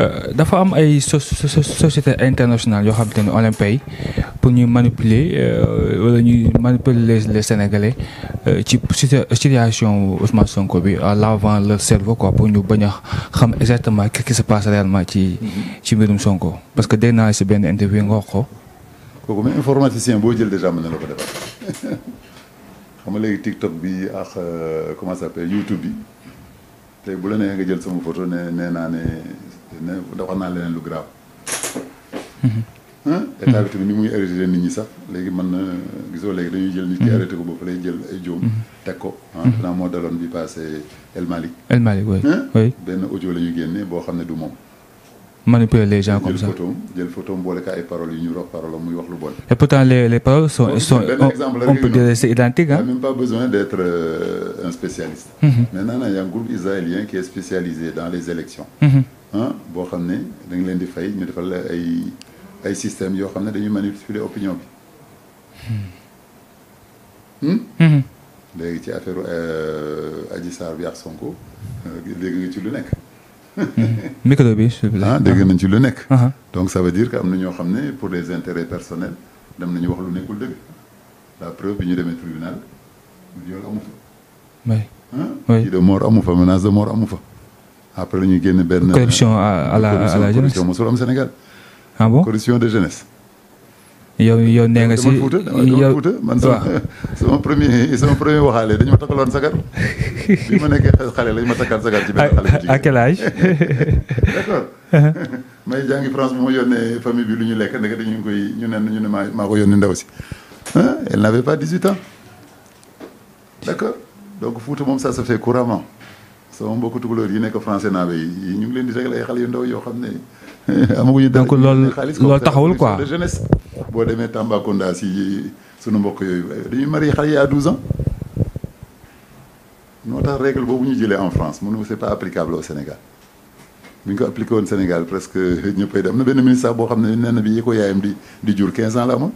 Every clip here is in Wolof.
Euh, dafa am ay société internationale yoo xam te ne Olympique yi pour ñuy manipuler euh, wala ñuy manipuler les Sénégalais euh, ci situation Ousmane Sonko bi à l'avant leur cerveau quoi pour ñu bañ a xam exactement ce qui passe réellement ci ci mbirum Sonko parce que dégg si benn interview nga wax ko. kooku même informaticien boo jël déjà mën na la ko defal xam nga léegi TikTok bi ak comment ça YouTube bi tey bu nee nga jël sama photo nee nee naa ne. ne wax naa leneen lu grave. Mhm. Mhm. état bi tamit ni muy arrêté nit ñi sax léegi mën na gisoo léegi dañuy jël nit ki mhm. arrêté ko ba fa lay jël ay joom teg ko ah defe naa moo daloon bi passé El Malick El Malick oui benn audio la ñu génne boo xam ne du moom manipuler les gens comme ça jël photo jël photo boole ka ay paroles yu ñu rox parole muy wax lu bon et pourtant les les paroles sont sont on peut dire c'est identique hein même pas besoin d'être euh, un spécialiste maintenant il y a un groupe israélien qui est spécialisé dans les élections ah boo xam ne dañ leen di fay ñu defal ay ay système yoo xam ne dañuy manipuler opinion bi. Hmm? Hmm. Hmm. léegi ci affaire euh, Adji Sarr bi ak Sonko euh, dégg nga ci lu nekk. micro bi ah dégg nañ ci lu nekk. Uh-huh. donc ça veut dire que am na ñoo xam ne pour des intérêts personnels dem nañu wax lu nekkul dëgg la preuve bi ñu demee tribunal viol amu fa. oui oui de mort amu fa menace de amu fa. après la ñuy génn benn. corruption à la à la jeunesse corruption mosul am Sénégal. ah bon corruption de jeunesse. yow yow nee nga si yow dama Fuuta man sama sama premier sama premier waxaale dañu ma takkaloon sagar bi ma nekkee xale lañu ma takkal sagar ci benn xale. à quel âge. Uh-huh. may jàngi France bi ma yónnee famille bi lu ñu lekk ndeke ñu ne ñu ne maa maa ko yónnee ndaw si. elle n'avait pas 18 ans d'accord donc Fuuta moom ça se fait couramment. sama mbokku tukulóor yi nekk français naabe yi ñu ngi leen di régal ay xale yu ndaw yoo xam ne eh, amaguñu dara donc loolu loolu taxawul quoi de boo demee Tambacounda si sunu mbokk yooyu eh, dañuy marié xale yi à 12 ans moo tax règle ñu jëlee en France mënu c'est pas applicable au ko appliqué woon Sénégal presque ñëppay dem am na benn ministre sax boo xam ne nee na bi yi ko yaayam di di jur 15 ans la amoon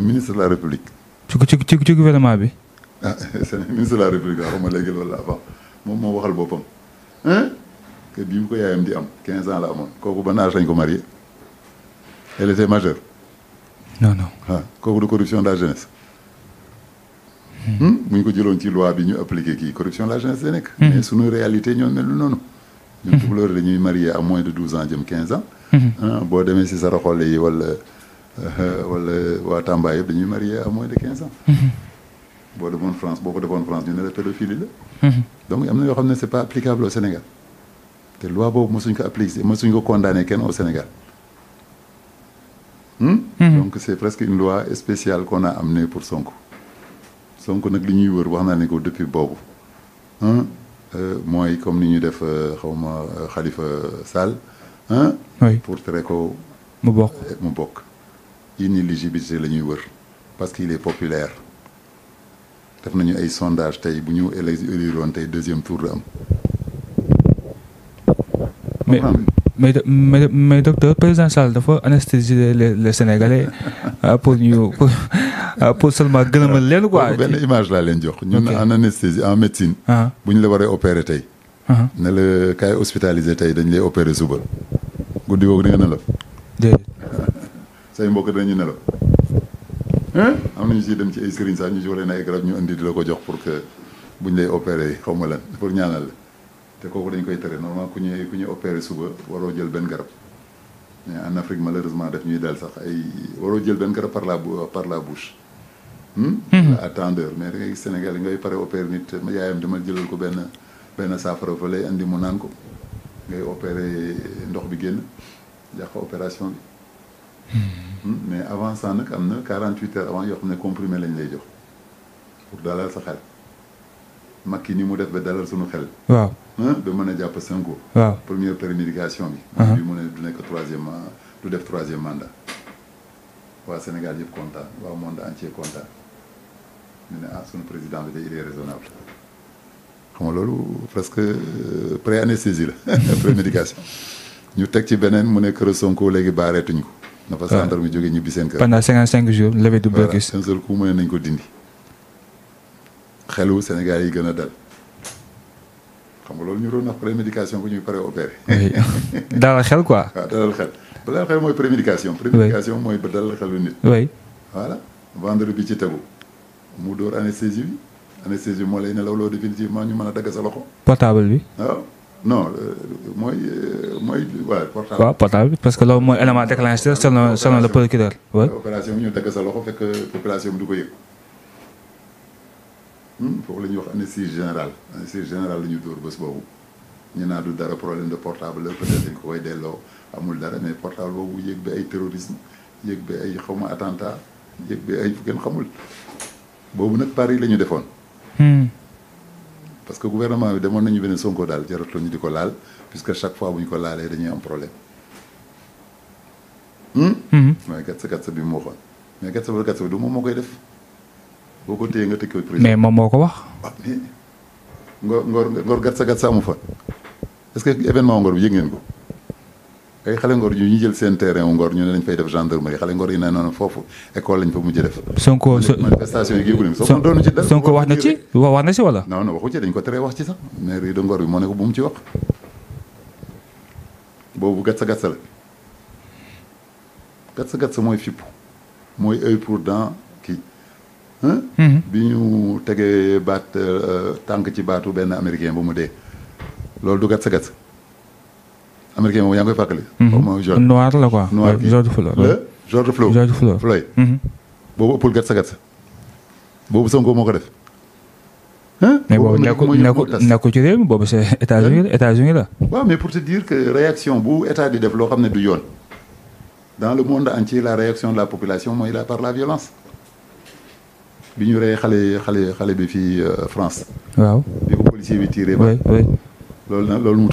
ministre la République. ci ci ci gouvernement bi. ah ministre de la république waaw ma léegi loolu la avant moom moo waxal boppam que bi mu ko yaayam di am quinze ans la amoon kooku ban âge lañ ko marié elle était majeure. non non ah, kooku de corruption de la jeunesse. bu hmm? ñu ko jëloon ci loi bi ñu appliqué kii corruption de la jeunesse lay nekk. Hmm. mais suñu réalité ñoo mel noonu. ñun hmm. tukulóor la ñuy marié à moins de 12 ans jëm 15 ans. Ah, boo demee si sa saraxole yi walla wala waa Tamba yëpp dañuy marié à moins de 15 boo demoon France boo ko defoon France ñu ne la pédophilie la. Mhm. donc am na yoo xam ne c'est pas applicable au Sénégal te loi boobu mosuñ ko appliquer mosuñ ko condamner kenn au Sénégal. Hmm? Mhm. donc c'est presque une loi spéciale qu'on am amenée pour Sonko. Sonko nag li ñuy wër wax naa ne ko depuis boobu euh, mooy comme ni ñu def euh, xawma euh, Khalifa Sall. oui pour tere ko. mu bokk mu bokk inéligibilité la ñuy wër parce qu'il est populaire. def nañu ay sondage tey bu ñu éliroon tey deuxième tour du am. mais mais mais mais docteur président Sall dafa anesthésier le les Sénégalais euh, pour ñu pour euh, pour seulement gëlëmal leen quoi. benn image laa leen jox. ñun en anesthésie en médecine. Ah. bu ñu la waree opérer tey. Ah. ne la kaay hospitalisé tey dañ lay opérer suba. guddi googu da nga nelaw. déedéet. say mbokk dañu nelaw. am na ñu siy dem ci ay sëriñ sax ñu si ay garab ñu indi di la ko jox pour que bu buñ lay opéré xaw ma la pour ñaanal la te kooku dañ koy tere normalement ku ñuy ku ñuy opéré suba waroo jël benn garab mais en Afrique malheureusement daf ñuy dal sax ay waroo jël benn garab par la par la bouche. à hmm? hmm. tendeur mais gis Sénégal yi ngay pare opéré nit yaayam dama jëlal ko benn benn saafara fa lay andi mu naan ko ngay opéré ndox bi génn yàq opération bi. Hmm. mais avant ça nag am na 48 heures avant yoo xam ne comprimé lañ lay jox pour dalal sa xel. makki ni mu def ba dalal suñu xel. waaw ba mën a jàpp Sonko. waaw première prémédication bi. bi mu ne du nekk troisième du def troisième mandat. waa Sénégal yëpp conta waa monde entier kontaan ñu ne ah suñu président bi de il est raisonnable. xam loolu presque euh, pré anesthésie la prémédication ñu teg ci beneen mu ne kër Sonko léegi baareetuñ ko. na fa gendarme ah. jóge ñibbi seen kër. pendant cinquante cinq jours levée du blocus. voilà un seul coup mooy nañ ko dindi xelu Sénégal yi gën a dal xam nga loolu ñu doon wax prémédication bu ñuy pare opéré. dalal xel quoi. waaw ah, dalal xel balaa xel mooy prémédication. prémédication mooy ba dalal xelu nit. oui voilà vendredi bi ci tegu mu door anesthésie bi anesthésie moo lay nelawloo définitivement ñu mën a dagg sa loxo. portable bi non euh, mooy euh, mooy waaw portable. waaw portable bi parce que loolu mooy élément déclencheur selon selon le procureur. waaw opération bi ñu dagg sa loxo fekk population bi du ko yëg. Hmm, foofu la ñuy wax anesthésie générale anesthésie générale la ñu dóor bés boobu ñu naa du dara problème de portable la peut-être koy delloo amul dara mais portable boobu yëg bi ay terrorisme yëg bi ay xawma attentat yëg bi ay fu kenn xamul boobu nag Paris la ñu defoon. Hmm. parce que gouvernement bi demoon nañu beneen Sonko daal jaratul ñu di ko laal puisque chaque fois bu ñu ko laalee dañuy am problème. Hmm? Hmm. mooy gatsa gatsa bi mu waxoon mais gatsa ba gatsa bi du moom moo koy def boo ko téyee nga tëj ko président. mais moom moo ko wax. ah mais Ngor Ngor Ngor gatsa gatsa amu fa est-ce que événement Ngor bi yëg ngeen ko. ay xale ngor ñu ñu jël seen terrain wu ngor ñu ne lañ fay def gendarmerie xale ngor yi ne noonu foofu école lañ fa mujj def. Sonko manifestation yi yëgu leen soo doonu ci def Sonko wax na ci wax na ci wala. non non waxu ci ko teree wax ci sax maire moo ne ko bu mu ci wax boobu gatsa gatsa la gatsa gatsa mooy fippu mooy œil pour dent kii. Mm-hmm. bi ñu tegee baat euh, tànk ci baatu benn américain bu mu dee loolu du gatsa gatsa. américain moom yaa ngi koy fàttali. Mhm. mooy George noir la ko noir bi George Floyd. le George Floyd George Floyd. Mhm. boobu ëppul gatsa gatsa boobu Sonko moo ko def. mais boobu nekkul nekkul ci réew mi boobu c'est États-Unis États-Unis la. waaw mais pour te dire que réaction bu état di def loo xam ne du yoon dans le monde entier la réaction de la population mooy la par la violence. bi ñu rey xale xale xale bi fii euh, France. waaw bi ko policier bi tiré ba. loolu na loolu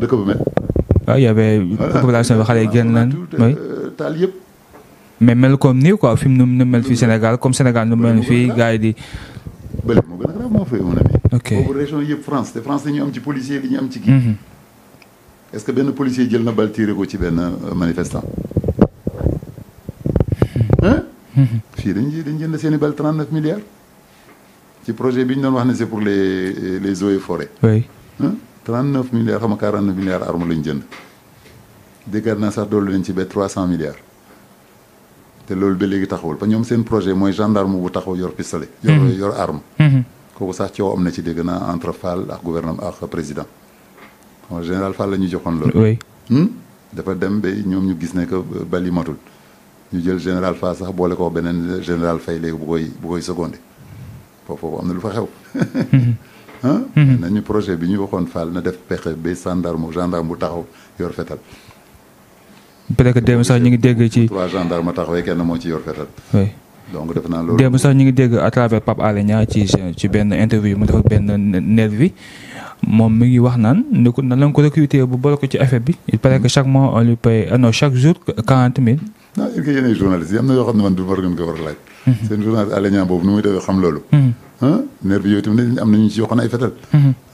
dëkk bu mel. waaw ah, y avait population bi xale yi génn nañ mooy euh, taal yëpp. mel mel comme nii quoi fi mu nu mel fii Sénégal comme Sénégal nu mel fii gars yi di. bële moo gën a grave moo fay mon ami. ok France te France dañuy am ci policier li ñu am ci kii. Mhm. est benn policier jël na bal tiré ko ci benn euh, manifestant. Mhm. Mhm. fii dañuy dañ jënd seen i bal 39 milliards. ci projet bi ñu doon wax ne c'est pour les les eaux et 39 milliards xam nga 49 milliards armes lañ jënd déggaat naa sax doolu nañ ci ba 300 milliards te loolu ba léegi taxawul parce que ñoom seen projet mooy gendarme bu taxaw yor pistolet. yor yor arme. kooku sax coow am na ci dégg naa entre Fall ak gouvernement ak président xam général Fall la ñu joxoon loolu. oui. dafa dem ba ñoom ñu gis ne que bali matul ñu jël général Fall sax boole ko beneen général Faye léegi bu koy bu koy foofu am na lu fa xew. Mhm. nañu projet bi ñu waxoon Fall na def pexe ba gendarme gendarme bu taxaw yor fetal peut-être que démb sax ñu ngi dégg ci. trois gendarme tax kenn moo ci yor fetal donc def naa sax ñu ngi dégg a travers Pape Alé Niang ci ci benn interview mu def benn nervi moom mi ngi wax naan ni ko nan la ko bu boole ko ci affaire bi il paraît que chaque mois on lui paye euh, non chaque jour quarante mille. non est-ce que yéenay yi am na yoo xam ne man du ma ko war laaj. Mm-hmm. seen journaliste Alé Niang boobu nu muy defee xam loolu mm-hmm. nervi yooyu tamit am nañu ci waxoon ay